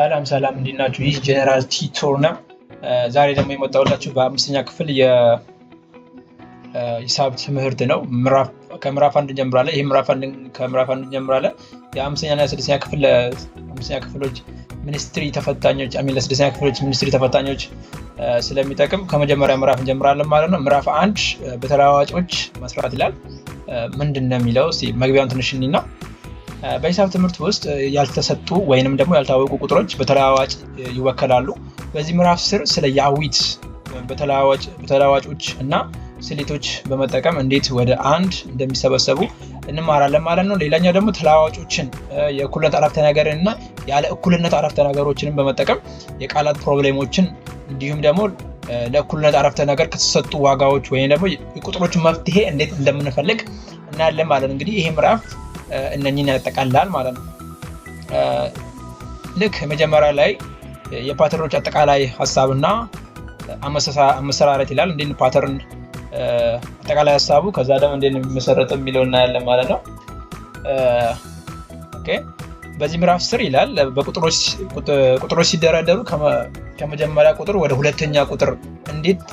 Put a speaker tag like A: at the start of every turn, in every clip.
A: ሰላም ሰላም እንዴት ናችሁ? ይህ ጀነራል ቲቶር ነው። ዛሬ ደግሞ የመጣሁላችሁ በአምስተኛ ክፍል የሂሳብ ትምህርት ነው። ከምዕራፍ አንድ እንጀምራለን። ይህ ከምዕራፍ አንድ እንጀምራለን። የአምስተኛና የስድስተኛ ክፍል አምስተኛ ክፍሎች ሚኒስትሪ ተፈታኞች አሚ ለስድስተኛ ክፍሎች ሚኒስትሪ ተፈታኞች ስለሚጠቅም ከመጀመሪያ ምዕራፍ እንጀምራለን ማለት ነው። ምዕራፍ አንድ በተለዋዋጮች መስራት ይላል። ምንድን ነው የሚለው መግቢያውን ትንሽ እኒና በሂሳብ ትምህርት ውስጥ ያልተሰጡ ወይንም ደግሞ ያልታወቁ ቁጥሮች በተለዋዋጭ ይወከላሉ። በዚህ ምዕራፍ ስር ስለ የአዊት በተለዋዋጮች እና ስሌቶች በመጠቀም እንዴት ወደ አንድ እንደሚሰበሰቡ እንማራለን ማለት ነው። ሌላኛው ደግሞ ተለዋዋጮችን የእኩልነት አረፍተ ነገርን እና ያለ እኩልነት አረፍተ ነገሮችንም በመጠቀም የቃላት ፕሮብሌሞችን እንዲሁም ደግሞ ለእኩልነት አረፍተ ነገር ከተሰጡ ዋጋዎች ወይም ደግሞ የቁጥሮች መፍትሄ እንዴት እንደምንፈልግ እናያለን ማለት ነው። እንግዲህ ይሄ ምዕራፍ እነኝን ያጠቃልላል ማለት ነው። ልክ መጀመሪያ ላይ የፓተርኖች አጠቃላይ ሀሳብና አመሰራረት ይላል። እንዴት ፓተርን አጠቃላይ ሀሳቡ ከዛ ደግሞ እንዴት የሚመሰረት የሚለው እናያለን ማለት ነው። በዚህ ምዕራፍ ስር ይላል በቁጥሮች ሲደረደሩ ከመጀመሪያ ቁጥር ወደ ሁለተኛ ቁጥር እንዴት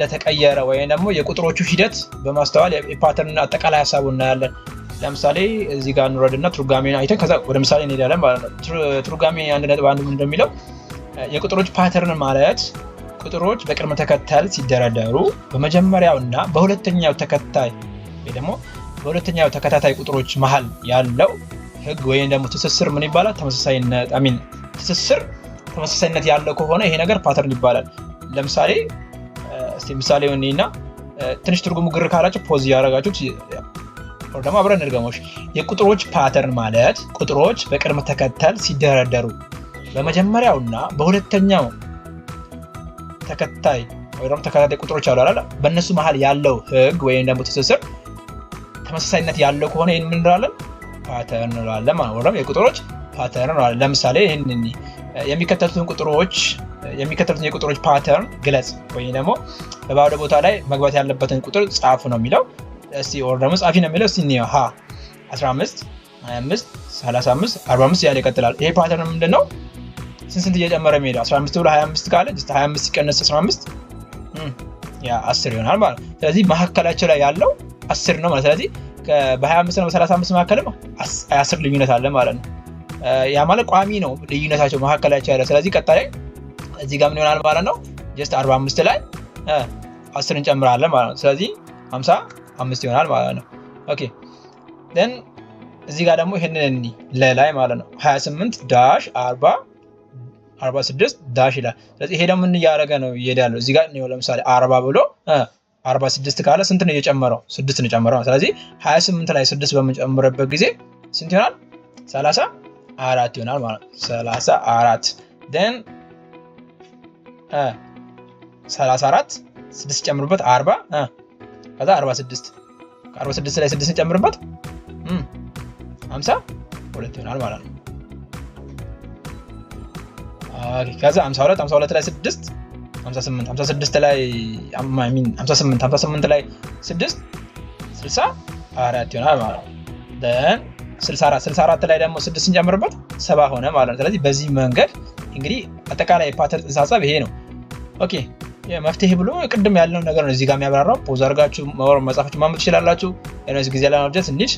A: እንደተቀየረ ወይም ደግሞ የቁጥሮቹ ሂደት በማስተዋል የፓተርን አጠቃላይ ሀሳቡ እናያለን። ለምሳሌ እዚህ ጋር እንውረድና ትርጓሜን አይተን ከዛ ወደ ምሳሌ እንሄዳለን ማለት ነው። ትርጓሜ አንድ ነጥብ አንድ እንደሚለው የቁጥሮች ፓተርን ማለት ቁጥሮች በቅድመ ተከተል ሲደረደሩ በመጀመሪያው እና በሁለተኛው ተከታይ ወይ ደግሞ በሁለተኛው ተከታታይ ቁጥሮች መሀል ያለው ህግ ወይም ደግሞ ትስስር ምን ይባላል? ተመሳሳይነት ሚን ትስስር ተመሳሳይነት ያለው ከሆነ ይሄ ነገር ፓተርን ይባላል። ለምሳሌ እስቲ ምሳሌ ሆኔ እኔና ትንሽ ትርጉሙ ግር ካላቸው ፖዝ እያደረጋችሁ ደግሞ አብረን እንድገሞች። የቁጥሮች ፓተርን ማለት ቁጥሮች በቅደም ተከተል ሲደረደሩ በመጀመሪያው በመጀመሪያውና በሁለተኛው ተከታይ ወይ ደግሞ ተከታታይ ቁጥሮች አሉ አይደል? በእነሱ መሀል ያለው ህግ ወይም ደግሞ ትስስር ተመሳሳይነት ያለው ከሆነ ይህን ምንለን ፓተርን ፓተርን እንላለን። የቁጥሮች ፓተርን እንላለን። ለምሳሌ ይህን የሚከተሉትን ቁጥሮች የሚከተሉትን የቁጥሮች ፓተርን ግለጽ ወይም ደግሞ በባዶ ቦታ ላይ መግባት ያለበትን ቁጥር ጻፉ ነው የሚለው። እስቲ ኦር ደግሞ ጻፊ ነው የሚለው። እስቲ ሀ 15 25 35 45 ያለ ይቀጥላል። ይሄ ፓተርን ምንድን ነው? ስንት ስንት እየጨመረ የሚሄደው 15 ብሎ 25 ካለ 25 ሲቀነስ 15 ያ 10 ይሆናል ማለት ነው። ስለዚህ መካከላቸው ላይ ያለው 10 ነው ማለት ስለዚህ በ25 ነው በ35 መካከልም 10 ልዩነት አለ ማለት ነው። ያ ማለት ቋሚ ነው ልዩነታቸው መካከላቸው ያለ ስለዚህ ቀጣይ እዚህ ጋር ምን ይሆናል ማለት ነው ጀስት 45 ላይ አስር እንጨምራለን ማለት ነው። ስለዚህ 55 ይሆናል ማለት ነው። ኦኬ ን እዚህ ጋር ደግሞ ይህንን ለላይ ማለት ነው 28 ዳሽ 40 46 ዳሽ ይላል። ስለዚህ ይሄ ደግሞ ምን እያደረገ ነው እየሄደ ያለው እዚህ ጋር ለምሳሌ 40 ብሎ 46 ካለ ስንት ነው እየጨመረው? ስድስት ነው የጨመረው። ስለዚህ 28 ላይ ስድስት በምንጨምርበት ጊዜ ስንት ይሆናል? አራት ይሆናል ማለት ነው። አራት 34 34 ስድስት ጨምሩበት 40 ከዛ 46 46 ላይ ስድስት ጨምርበት 50 ሁለት ይሆናል ማለት ነው። ከዛ 52 52 ላይ 6 58 56 ላይ አማሚን 58 58 ላይ 6 ይሆናል ማለት ነው። 64 64 ላይ ደግሞ 6 ስንጨምርበት ሰባ ሆነ ማለት ነው። ስለዚህ በዚህ መንገድ እንግዲህ አጠቃላይ ፓተር ጽንሰ ሀሳብ ይሄ ነው። ኦኬ መፍትሄ ብሎ ቅድም ያለው ነገር ነው እዚህ ጋር የሚያብራራው። ፖዝ አድርጋችሁ መጽሐፋችሁ ማመ ትችላላችሁ። ነዚህ ጊዜ ለማብጀት እንዲች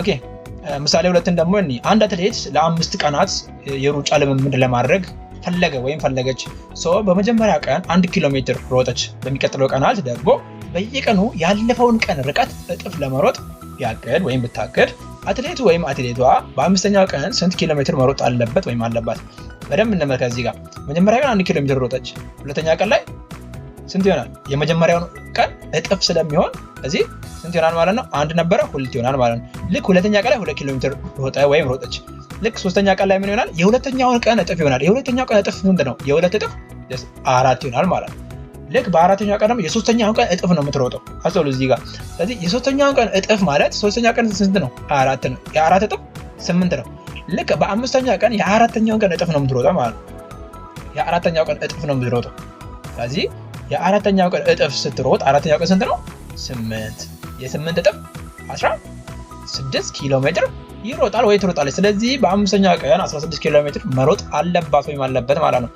A: ኦኬ። ምሳሌ ሁለትን ደግሞ አንድ አትሌት ለአምስት ቀናት የሩጫ ልምምድ ለማድረግ ፈለገ ወይም ፈለገች። በመጀመሪያ ቀን አንድ ኪሎ ሜትር ሮጠች። በሚቀጥለው ቀናት ደግሞ በየቀኑ ያለፈውን ቀን ርቀት እጥፍ ለመሮጥ ያቅድ ወይም ብታቅድ አትሌቱ ወይም አትሌቷ በአምስተኛው ቀን ስንት ኪሎ ሜትር መሮጥ አለበት ወይም አለባት? በደንብ እንመልከት እዚህ ጋር። መጀመሪያ ቀን አንድ ኪሎ ሜትር ሮጠች። ሁለተኛ ቀን ላይ ስንት ይሆናል? የመጀመሪያውን ቀን እጥፍ ስለሚሆን እዚህ ስንት ይሆናል ማለት ነው? አንድ ነበረ ሁለት ይሆናል ማለት ነው። ልክ ሁለተኛ ቀን ላይ ሁለት ኪሎ ሜትር ሮጠ ወይም ሮጠች። ልክ ሶስተኛ ቀን ላይ ምን ይሆናል? የሁለተኛውን ቀን እጥፍ ይሆናል። የሁለተኛው ቀን እጥፍ ምንድን ነው? የሁለት እጥፍ አራት ይሆናል ማለት ነው። ልክ በአራተኛው ቀን ደግሞ የሶስተኛውን ቀን እጥፍ ነው የምትሮጠው። አስተውሉ እዚህ ጋር። ስለዚህ የሶስተኛውን ቀን እጥፍ ማለት ሶስተኛ ቀን ስንት ነው? አራት ነው። የአራት እጥፍ ስምንት ነው። ልክ በአምስተኛ ቀን የአራተኛውን ቀን እጥፍ ነው የምትሮጠው ማለት ነው። የአራተኛው ቀን እጥፍ ነው የምትሮጠው። ስለዚህ የአራተኛው ቀን እጥፍ ስትሮጥ አራተኛው ቀን ስንት ነው? ስምንት። የስምንት እጥፍ አስራ ስድስት ኪሎ ሜትር ይሮጣል ወይ ትሮጣለች። ስለዚህ በአምስተኛ ቀን 16 ኪሎ ሜትር መሮጥ አለባት ወይም አለበት ማለት ነው።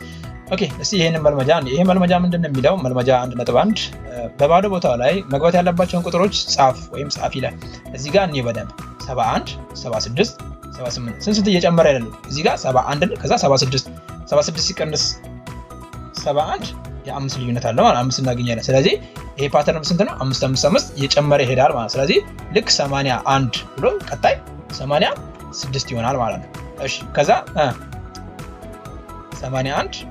A: ኦኬ እስቲ ይህንን መልመጃ ይሄ መልመጃ ምንድን የሚለው መልመጃ አንድ ነጥብ አንድ በባዶ ቦታ ላይ መግባት ያለባቸውን ቁጥሮች ጻፍ ወይም ጻፍ ይላል። እዚህ ጋር እኔ በደንብ 71፣ 76፣ 78 ስንት እየጨመረ ያለ እዚህ ጋር 71 ከዛ 76 76 ሲቀንስ 71 የአምስት ልዩነት አለ ማለት አምስት እናገኛለን። ስለዚህ ይሄ ፓተርን ስንት ነው? አምስት አምስት አምስት እየጨመረ ይሄዳል ማለት ስለዚህ ልክ 81 ብሎ ቀጣይ 86 ይሆናል ማለት ነው። እሺ ከዛ 81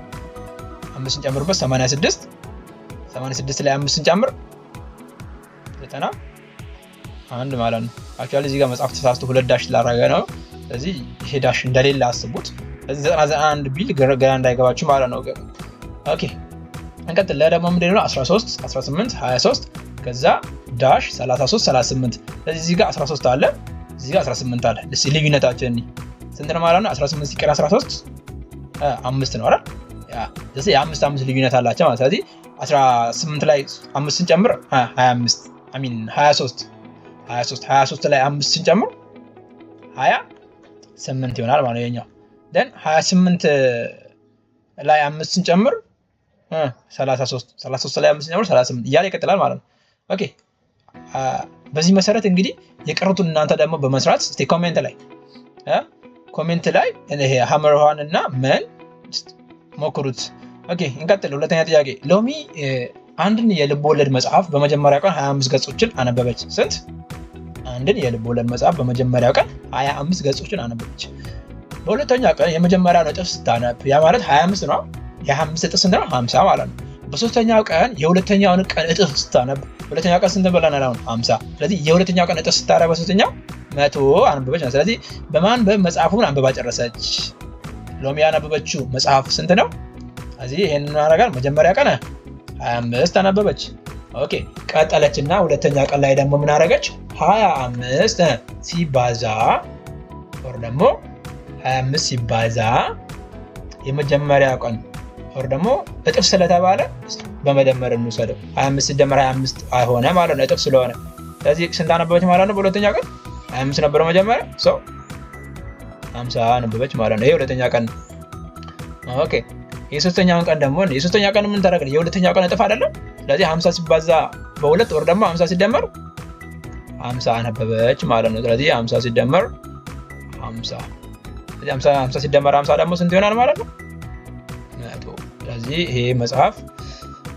A: አምስት ስንጨምርበት 86 86 ላይ አምስት ስንጨምር ዘጠና አንድ ማለት ነው። አክቹዋሊ እዚህ ጋር መጽሐፍ ተሳስቶ ሁለት ዳሽ ላረገ ነው። ስለዚህ ይሄ ዳሽ እንደሌለ አስቡት። ስለዚህ ዘጠና ዘጠና አንድ ቢል ገና እንዳይገባችሁ ማለት ነው። ኦኬ እንቀጥል። ለደግሞ ምንድን ነው 13 18 23 ከዛ ዳሽ 33 38 ስለዚህ እዚህ ጋር 13 አለ እዚህ ጋር 18 አለ። ልዩነታችን ስንት ነው ማለት ነው? 18 ሲቀር 13 አምስት ነው አይደል? የአምስት አምስት ልዩነት አላቸው ማለት ስለዚህ 18 ላይ አምስት ስንጨምር 25 አሚን 23 23 23 ላይ አምስት ስንጨምር 28 ይሆናል ማለት ነው የኛው ደን 28 ላይ አምስት ስንጨምር 33 33 ላይ አምስት ስንጨምር 38 እያለ ይቀጥላል ማለት ነው ኦኬ በዚህ መሰረት እንግዲህ የቀሩትን እናንተ ደግሞ በመስራት ስ ኮሜንት ላይ ኮሜንት ላይ ሀመርሃን እና መን ሞክሩት ኦኬ እንቀጥል። ሁለተኛ ጥያቄ ሎሚ አንድን የልብ ወለድ መጽሐፍ በመጀመሪያ ቀን 25 ገጾችን አነበበች። ስንት? አንድን የልብ ወለድ መጽሐፍ በመጀመሪያ ቀን 25 ገጾችን አነበበች። በሁለተኛ ቀን የመጀመሪያ እጥፍ ስታነብ ያ ማለት 25 ነው። የ25 እጥፍ ስንት ነው? 50 ማለት ነው። በሶስተኛው ቀን የሁለተኛውን ቀን እጥፍ ስታነብ፣ ሁለተኛው ቀን ስንት ብለናል? አሁን 50። ስለዚህ የሁለተኛው ቀን እጥፍ ስታረ፣ በሶስተኛው መቶ አነበበች ነው። ስለዚህ በማንበብ መጽሐፉን አንብባ ጨረሰች። ሎሚ ያነበበችው መጽሐፍ ስንት ነው? እዚህ ይህንን አረጋል። መጀመሪያ ቀን 25 አነበበች። ኦኬ ቀጠለች እና ሁለተኛ ቀን ላይ ደግሞ ምን አረገች? 25 ሲባዛ ወር ደግሞ 25 ሲባዛ የመጀመሪያ ቀን ወር ደግሞ እጥፍ ስለተባለ በመደመር እንውሰደው 25 ሲደመር 25 አይሆነ ማለት ነው፣ እጥፍ ስለሆነ። ስለዚህ ስንት አነበበች ማለት ነው? በሁለተኛ ቀን 25 ነበረው መጀመሪያ ሰው 50 አነበበች ማለት ነው። ይሄ ሁለተኛ ቀን ነው። ኦኬ የሶስተኛውን ቀን ደግሞ የሶስተኛ ቀን ምን የሁለተኛው ቀን እጥፍ አይደለም። ስለዚህ ሀምሳ ሲባዛ በሁለት ወር ደግሞ ሀምሳ ሲደመር ሀምሳ አነበበች ማለት ነው። ስለዚህ ሀምሳ ሲደመር ሀምሳ ሀምሳ ሲደመር ሀምሳ ደግሞ ስንት ይሆናል ማለት ነው? መቶ። ስለዚህ ይሄ መጽሐፍ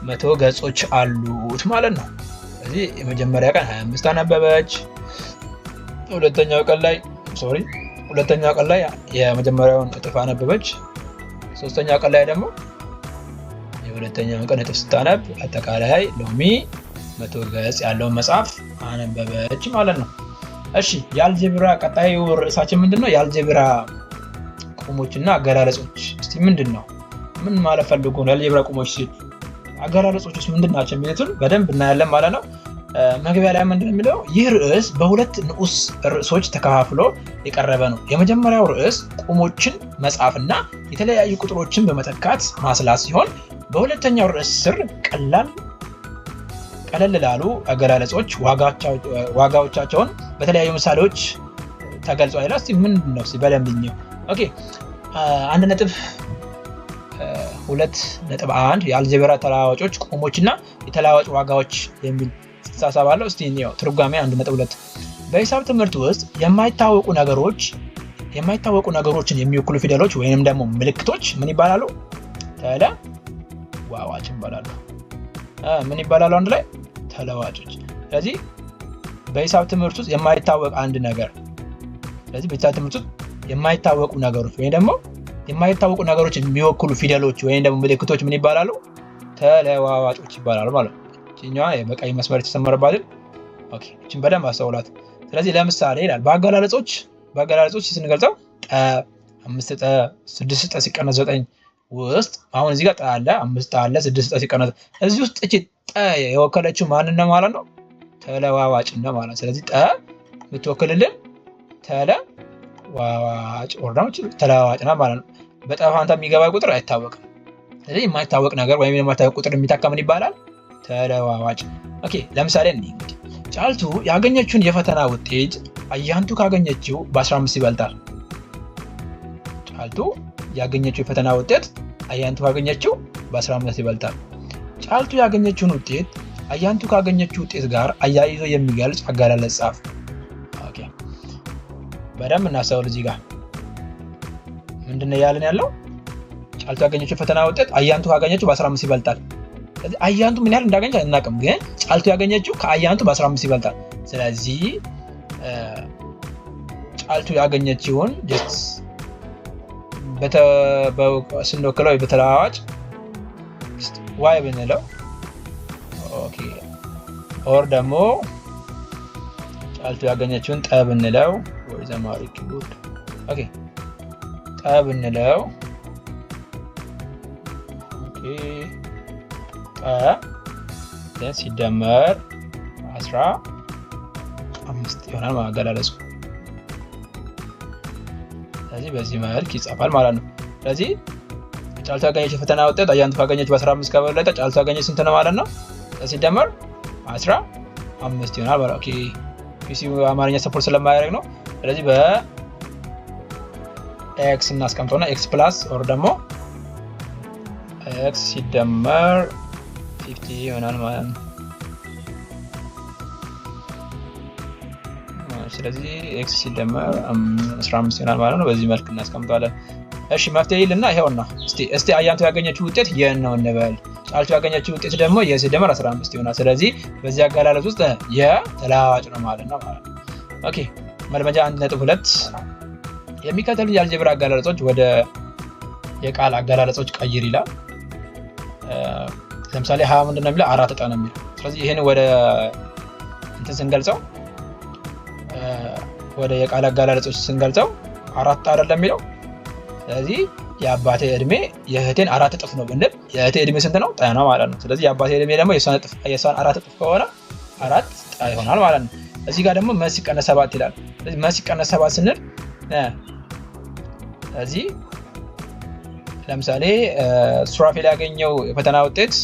A: መቶ ገጾች አሉት ማለት ነው። ስለዚህ የመጀመሪያ ቀን ሀያ አምስት አነበበች። ሁለተኛው ቀን ላይ ሶሪ፣ ሁለተኛው ቀን ላይ የመጀመሪያውን እጥፍ አነበበች። ሶስተኛ ቀን ላይ ደግሞ የሁለተኛውን ቀን እጥፍ ስታነብ አጠቃላይ ሎሚ መቶ ገጽ ያለውን መጽሐፍ አነበበች ማለት ነው። እሺ የአልጀብራ ቀጣዩ ርዕሳችን ምንድን ነው? የአልጀብራ ቁሞች እና አገላለጾች እስቲ ምንድን ነው? ምን ማለት ፈልጎ ነው? የአልጀብራ ቁሞች ሲል አገላለጾች ውስጥ ምንድን ናቸው የሚሉትን በደንብ እናያለን ማለት ነው። መግቢያ ላይ ምንድን የሚለው ይህ ርዕስ በሁለት ንዑስ ርዕሶች ተከፋፍሎ የቀረበ ነው። የመጀመሪያው ርዕስ ቁሞችን መጻፍና የተለያዩ ቁጥሮችን በመተካት ማስላት ሲሆን በሁለተኛው ርዕስ ስር ቀላል ቀለል ላሉ አገላለጾች ዋጋዎቻቸውን በተለያዩ ምሳሌዎች ተገልጿ ይላ ስ ምንድን ነው በደንብኛው አንድ ነጥብ ሁለት ነጥብ አንድ የአልጀብራ ተለዋዋጮች ቁሞችና የተለዋዋጭ ዋጋዎች የሚል ሳሳባለው እስቲ እንየው ትርጓሜ አንድ ነጥብ ሁለት በሂሳብ ትምህርት ውስጥ የማይታወቁ ነገሮች የማይታወቁ ነገሮችን የሚወክሉ ፊደሎች ወይንም ደግሞ ምልክቶች ምን ይባላሉ? ተለዋዋጭ ይባላሉ። ምን ይባላሉ? አንድ ላይ ተለዋጮች። ስለዚህ በሂሳብ ትምህርት ውስጥ የማይታወቅ አንድ ነገር ስለዚህ በሂሳብ ትምህርት ውስጥ የማይታወቁ ነገሮች ወይም ደግሞ የማይታወቁ ነገሮች የሚወክሉ ፊደሎች ወይም ደግሞ ምልክቶች ምን ይባላሉ? ተለዋዋጮች ይባላሉ ማለት ነው። ችኛዋ በቀይ መስመር የተሰመረባትን ችን በደንብ አስተውላት። ስለዚህ ለምሳሌ ይላል በአገላለጾች በአገላለጾች ስንገልጸው ጠ አምስት ጠ ስድስት ጠ ሲቀነስ ዘጠኝ ውስጥ አሁን እዚህ ጋር ጠ አለ አምስት ጠ አለ ስድስት ጠ ሲቀነስ እዚህ ውስጥ እቺ ጠ የወከለችው ማንን ነው ማለት ነው? ተለዋዋጭ ነው ማለት ነው። ስለዚህ ጠ የምትወክልልን ተለዋዋጭ ወርዳች ተለዋዋጭ ነው ማለት ነው። በጠ ፋንታ የሚገባ ቁጥር አይታወቅም። ስለዚህ የማይታወቅ ነገር ወይም የማይታወቅ ቁጥር የሚታከምን ይባላል ተለዋዋጭ ኦኬ። ለምሳሌ እንዲ እንግዲህ ጫልቱ ያገኘችውን የፈተና ውጤት አያንቱ ካገኘችው በ15 ይበልጣል። ጫልቱ ያገኘችው የፈተና ውጤት አያንቱ ካገኘችው በ15 ይበልጣል። ጫልቱ ያገኘችውን ውጤት አያንቱ ካገኘችው ውጤት ጋር አያይዞ የሚገልጽ አገላለጽ ጻፍ። በደንብ እናስተውል። እዚህ ጋር ምንድነ ያለን ያለው? ጫልቱ ያገኘችው የፈተና ውጤት አያንቱ ካገኘችው በ15 ይበልጣል። አያንቱ ምን ያህል እንዳገኘ አናውቅም፣ ግን ጫልቱ ያገኘችው ከአያንቱ በ15 ይበልጣል። ስለዚህ ጫልቱ ያገኘችውን ስንወክለው በተለዋዋጭ ዋይ ብንለው ኦር ደግሞ ጫልቱ ያገኘችውን ጠ እንለው ወይ ዘማሪ ኪቦርድ ጠብ እንለው ሲደመር አስራ አምስት ይሆናል ማገላለጹ። ስለዚህ በዚህ መልክ ይጻፋል ማለት ነው። ስለዚህ ጫልቱ ያገኘች የፈተና ውጤት አያንቱ ካገኘች በ15 ከበለጠ ጫልቱ ያገኘች ስንት ነው ማለት ነው? ሲደመር አስራ አምስት ይሆናል ማለት ኦኬ። ፒሲ አማርኛ ሰፖርት ስለማያደርግ ነው። ስለዚህ በኤክስ እናስቀምጠውና ኤክስ ፕላስ ኦር ደግሞ ኤክስ ሲደመር Ciddi ሆኗል። ስለዚህ ኤክስ ሲደመር አስራ ይሆናል ማለት ነው። በዚህ መልክ እናስቀምጠዋለን። እሺ መፍትሄ ይልና ይኸውና፣ እስቲ አያንቱ ያገኘችው ውጤት ይህን ነው እንበል። ጫልቱ ያገኘችው ውጤት ደግሞ ይህ ሲደመር 15 ይሆናል። ስለዚህ በዚህ አገላለጽ ውስጥ ይህ ነው ማለት ነው ማለት ነው። ኦኬ መልመጃ አንድ ነጥብ ሁለት የሚከተሉ የአልጀብራ አገላለጾች ወደ የቃል አገላለጾች ቀይር ይላል። ለምሳሌ ሀ ምንድነው የሚለው አራት እጣ ነው የሚለው። ስለዚህ ይህን ወደ እንትን ስንገልጸው ወደ የቃል አገላለጾች ስንገልጸው አራት እጣ አይደለም የሚለው። ስለዚህ የአባቴ እድሜ የእህቴን አራት እጥፍ ነው ብንል የእህቴ እድሜ ስንት ነው? ጠ ነው ማለት ነው። ስለዚህ የአባቴ እድሜ ደግሞ የሷን አራት እጥፍ ከሆነ አራት ጣ ይሆናል ማለት ነው። እዚህ ጋር ደግሞ መስ ሲቀነስ ሰባት ይላል። ስለዚህ መ ሲቀነስ ሰባት ስንል እዚህ ለምሳሌ ሱራፌል ያገኘው የፈተና ውጤት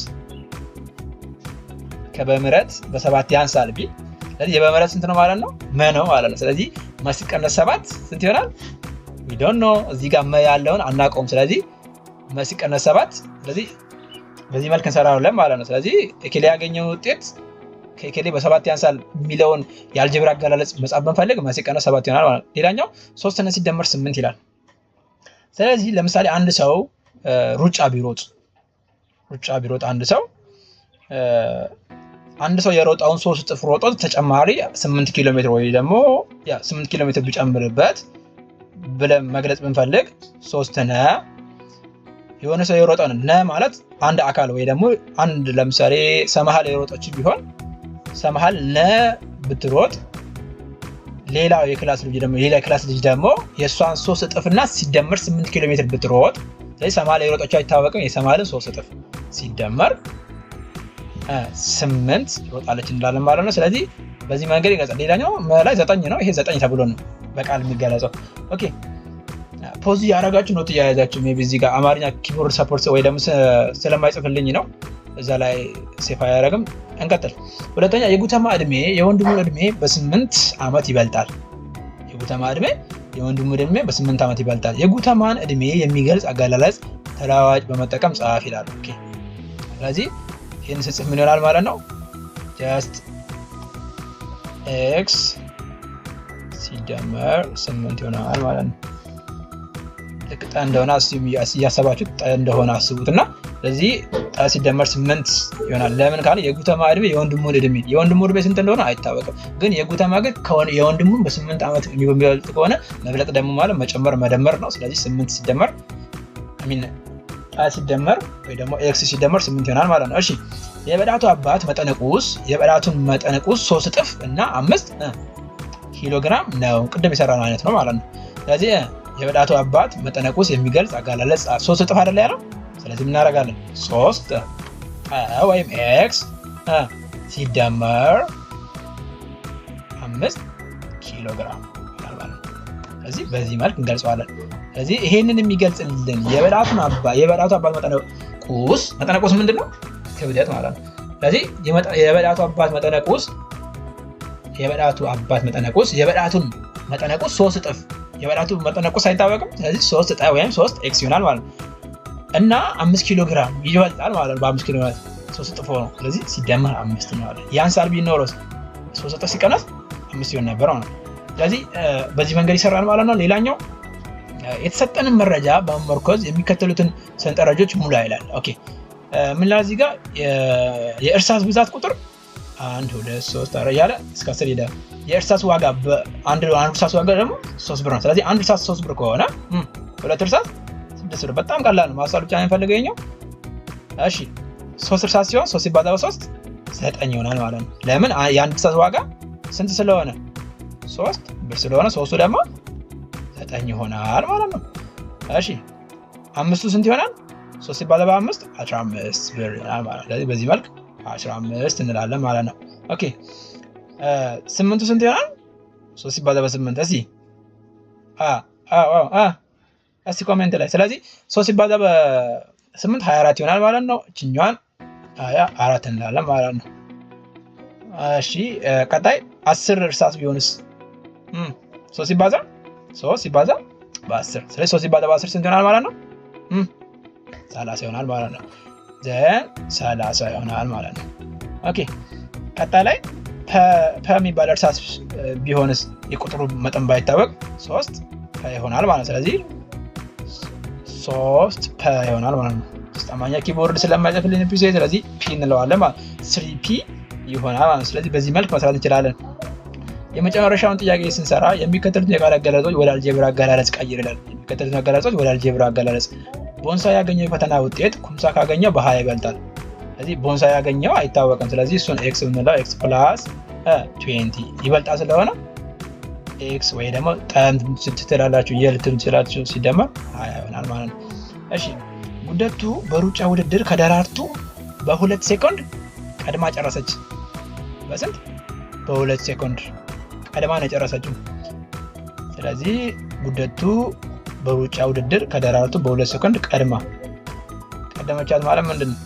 A: ከበምረት በሰባት ያንሳል ቢል ስለዚህ የበምረት ስንት ነው ማለት ነው? መ ነው ማለት ነው። ስለዚህ መስቀነስ ሰባት ስንት ይሆናል? ዶን ነው። እዚህ ጋር መ ያለውን አናቀውም ስለዚህ መስቀነስ ሰባት ስለዚህ በዚህ መልክ እንሰራለን ማለት ነው። ስለዚህ ኤኬሌ ያገኘው ውጤት ከኤኬሌ በሰባት ያንሳል የሚለውን የአልጀብራ አገላለጽ መጻፍ ብንፈልግ መስቀነስ ሰባት ይሆናል ማለት ነው። ሌላኛው ሶስትና ሲደመር ስምንት ይላል። ስለዚህ ለምሳሌ አንድ ሰው ሩጫ ቢሮጥ ሩጫ ቢሮጥ አንድ ሰው አንድ ሰው የሮጣውን ሶስት እጥፍ ሮጦት ተጨማሪ ስምንት ኪሎ ሜትር ወይ ደግሞ ስምንት ኪሎ ሜትር ቢጨምርበት ብለን መግለጽ ብንፈልግ ሶስት ነ የሆነ ሰው የሮጠ ነ ማለት አንድ አካል ወይ ደግሞ አንድ ለምሳሌ ሰመሃል የሮጠች ቢሆን ሰመሃል ነ ብትሮጥ ሌላው የክላስ ልጅ ደግሞ ሌላ የክላስ ልጅ ደግሞ የእሷን ሶስት እጥፍና ሲደመር ስምንት ኪሎ ሜትር ብትሮጥ ስለዚህ ሰማሌ ሮጦች አይታወቅም። የሰማሌ ሶስት እጥፍ ሲደመር ስምንት ትሮጣለች እንላለን ማለት ነው። ስለዚህ በዚህ መንገድ ይገጻል። ሌላኛው መላይ ዘጠኝ ነው። ይሄ ዘጠኝ ተብሎ ነው በቃል የሚገለጸው። ኦኬ ፖዚ ያደረጋችሁ ነው እያያዛችሁ ቢ እዚህ ጋር አማርኛ ኪቦርድ ሰፖርት ወይ ደግሞ ስለማይጽፍልኝ ነው እዛ ላይ ሴፋ አያደርግም። እንቀጥል። ሁለተኛ የጉተማ እድሜ የወንድሙን እድሜ በስምንት ዓመት ይበልጣል። የጉተማ እድሜ የወንድሙ እድሜ በስምንት ዓመት ይበልጣል። የጉተማን እድሜ የሚገልጽ አገላለጽ ተለዋዋጭ በመጠቀም ጻፍ ይላሉ። ስለዚህ ይህን ስጽፍ ምን ይሆናል ማለት ነው? ጀስት ኤክስ ሲደመር ስምንት ይሆናል ማለት ነው። ልክ ጠ እንደሆነ እያሰባችሁ ጠ እንደሆነ አስቡት እና ስለዚህ ጠ ሲደመር ስምንት ይሆናል። ለምን ካለ የጉተማ እድሜ የወንድሙን እድሜ የወንድሙ እድሜ ስንት እንደሆነ አይታወቅም፣ ግን የጉተማ ግን የወንድሙን በስምንት ዓመት የሚበልጥ ከሆነ መብለጥ ደግሞ ማለት መጨመር መደመር ነው። ስለዚህ ስምንት ሲደመር ጣ ሲደመር ወይ ደግሞ ኤክስ ሲደመር ስምንት ይሆናል ማለት ነው። እሺ የበዳቱ አባት መጠነቁስ የበዳቱን መጠነቁስ ሶስት እጥፍ እና አምስት ኪሎግራም ነው። ቅድም የሰራነው አይነት ነው ማለት ነው። ስለዚህ የበዳቱ አባት መጠነቁስ የሚገልጽ አገላለጽ ሶስት እጥፍ አይደለ ያለው ስለዚህ እናደርጋለን ሶስት ወይም ኤክስ ሲደመር አምስት ኪሎ ግራም ስለዚህ በዚህ መልክ እንገልጸዋለን። ስለዚህ ይሄንን የሚገልጽልን የበላቱን የበላቱ አባት መጠነ ቁስ መጠነ ቁስ ምንድን ነው? ክብደት ማለት ነው። ስለዚህ የበላቱ አባት መጠነ ቁስ የበላቱ አባት መጠነ ቁስ የበላቱን መጠነ ቁስ ሶስት እጥፍ የበላቱ መጠነ ቁስ አይታወቅም። ስለዚህ ሶስት እጥፍ ወይም ሶስት ኤክስ ይሆናል ማለት ነው። እና አምስት ኪሎ ግራም ይበልጣል ማለት ነው። በአምስት ኪሎ ግራም ሶስት ጥፎ ነው። ስለዚህ ሲደመር አምስት ነው አለ። ያን ሳር ቢኖረው ሶስት እጥፍ ሲቀነስ አምስት ይሆን ነበረው ነው። ስለዚህ በዚህ መንገድ ይሰራል ማለት ነው። ሌላኛው የተሰጠንን መረጃ በመመርኮዝ የሚከተሉትን ሰንጠረጆች ሙላ ይላል። ኦኬ ምን ላይ እዚህ ጋር የእርሳስ ብዛት ቁጥር አንድ ሁለት ሶስት አረ እያለ እስከ ስር ሄደ የእርሳስ ዋጋ አንድ እርሳስ ዋጋ ደግሞ ሶስት ብር ነው። ስለዚህ አንድ እርሳስ ሶስት ብር ከሆነ ሁለት እርሳስ ስድስት ነው። በጣም ቀላል ነው። ማስተዋል ብቻ ነው የሚፈልገው ይኸኛው። እሺ ሶስት ስልሳ ሲሆን ሶስት ሲባዛ በሶስት ዘጠኝ ይሆናል ማለት ነው። ለምን የአንድ ሰዓት ዋጋ ስንት ስለሆነ ሶስት ብር ስለሆነ ሶስቱ ደግሞ ዘጠኝ ይሆናል ማለት ነው። እሺ አምስቱ ስንት ይሆናል? ሶስት ሲባዛ በአምስት አስራ አምስት ብር ይሆናል ማለት ነው። ስለዚህ በዚህ መልክ አስራ አምስት እንላለን ማለት ነው። ኦኬ ስምንቱ ስንት ይሆናል? ሶስት ሲባዛ በስምንት እዚህ እስቲ ኮሜንት ላይ። ስለዚህ ሶስት ሲባዛ በስምንት ሀያ አራት ይሆናል ማለት ነው። እችኛዋን ሀያ አራት እንላለን ማለት ነው። እሺ ቀጣይ አስር እርሳስ ቢሆንስ? ሶስት ሲባዛ ሶስት ሲባዛ በአስር ስለዚህ ሶስት ሲባዛ በአስር ስንት ይሆናል ማለት ነው? ሰላሳ ይሆናል ማለት ነው። ዘን ሰላሳ ይሆናል ማለት ነው። ኦኬ ቀጣይ ላይ ፐ የሚባል እርሳስ ቢሆንስ የቁጥሩ መጠን ባይታወቅ ሶስት ይሆናል ማለት ነው። ስለዚህ ሶፍት ፐ ይሆናል ማለት ነው። አማርኛ ኪቦርድ ስለማይጠፍልን ፒ ስለዚህ ፒ እንለዋለን ማለት ስሪ ፒ ይሆናል ማለት ነው። ስለዚህ በዚህ መልክ መስራት እንችላለን። የመጨረሻውን ጥያቄ ስንሰራ የሚከተሉትን የቃል አገላለጾች ወደ አልጀብራ አገላለጽ ቀይር ይላል። የሚከተሉትን አገላለጾች ወደ አልጀብራ አገላለጽ ቦንሳ ያገኘው የፈተና ውጤት ኩምሳ ካገኘው በሀያ ይበልጣል። ስለዚህ ቦንሳ ያገኘው አይታወቅም። ስለዚህ እሱን ኤክስ ብንለው ኤክስ ፕላስ ትዌንቲ ይበልጣል ስለሆነ ኤክስ ወይ ደግሞ ጠንት ትላላችሁ የልትም ትችላችሁ ሲደመር ሀያ ይሆናል ማለት ነው። እሺ ጉደቱ በሩጫ ውድድር ከደራርቱ በሁለት ሴኮንድ ቀድማ ጨረሰች። በስንት በሁለት ሴኮንድ ቀድማ ነው የጨረሰችው። ስለዚህ ጉደቱ በሩጫ ውድድር ከደራርቱ በሁለት ሴኮንድ ቀድማ ቀደመቻት ማለት ምንድን ነው?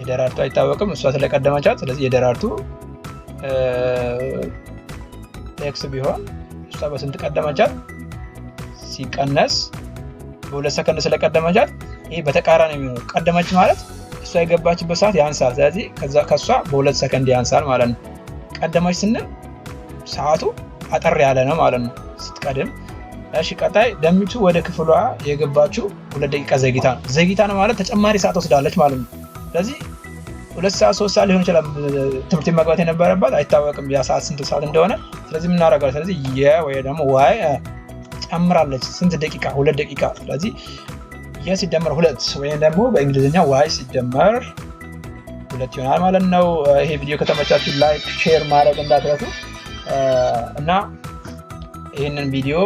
A: የደራርቱ አይታወቅም፣ እሷ ስለቀደመቻት። ስለዚህ የደራርቱ ኤክስ ቢሆን ይቅርታ በስንት ቀደመቻት ሲቀነስ በሁለት ሰከንድ ስለቀደመቻት ይህ በተቃራኒ የሚሆኑ ቀደመች ማለት እሷ የገባችበት ሰዓት ያንሳል። ስለዚህ ከእሷ በሁለት ሰከንድ ያንሳል ማለት ነው። ቀደመች ስንል ሰዓቱ አጠር ያለ ነው ማለት ነው ስትቀድም። እሺ ቀጣይ ደሚቱ ወደ ክፍሏ የገባችው ሁለት ደቂቃ ዘጊታ ነው። ዘጊታ ነው ማለት ተጨማሪ ሰዓት ወስዳለች ማለት ነው። ስለዚህ ሁለት ሰዓት ሶስት ሰዓት ሊሆን ይችላል ትምህርት መግባት የነበረባት አይታወቅም፣ ያ ሰዓት ስንት ሰዓት እንደሆነ። ስለዚህ የምናደርገው ስለዚህ የ ወይ ደግሞ ዋይ ጨምራለች ስንት ደቂቃ? ሁለት ደቂቃ። ስለዚህ የ ሲደመር ሁለት ወይም ደግሞ በእንግሊዝኛ ዋይ ሲደመር ሁለት ይሆናል ማለት ነው። ይሄ ቪዲዮ ከተመቻችሁ ላይክ፣ ሼር ማድረግ እንዳትረሱ እና ይህንን ቪዲዮ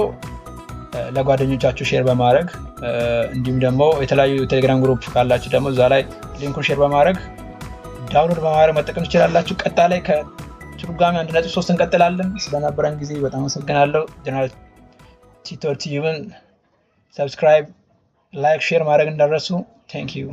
A: ለጓደኞቻችሁ ሼር በማድረግ እንዲሁም ደግሞ የተለያዩ ቴሌግራም ግሩፕ ካላችሁ ደግሞ እዛ ላይ ሊንኩን ሼር በማድረግ ዳውንሎድ በማድረግ መጠቀም ትችላላችሁ። ቀጣ ላይ ከትርጓሚ አንድ ነጥብ ሶስት እንቀጥላለን። ስለነበረን ጊዜ በጣም አመሰግናለሁ። ጀነራል ቲቶር ቲዩብን ሰብስክራይብ፣ ላይክ፣ ሼር ማድረግ እንዳረሱ ቴንክ ዩ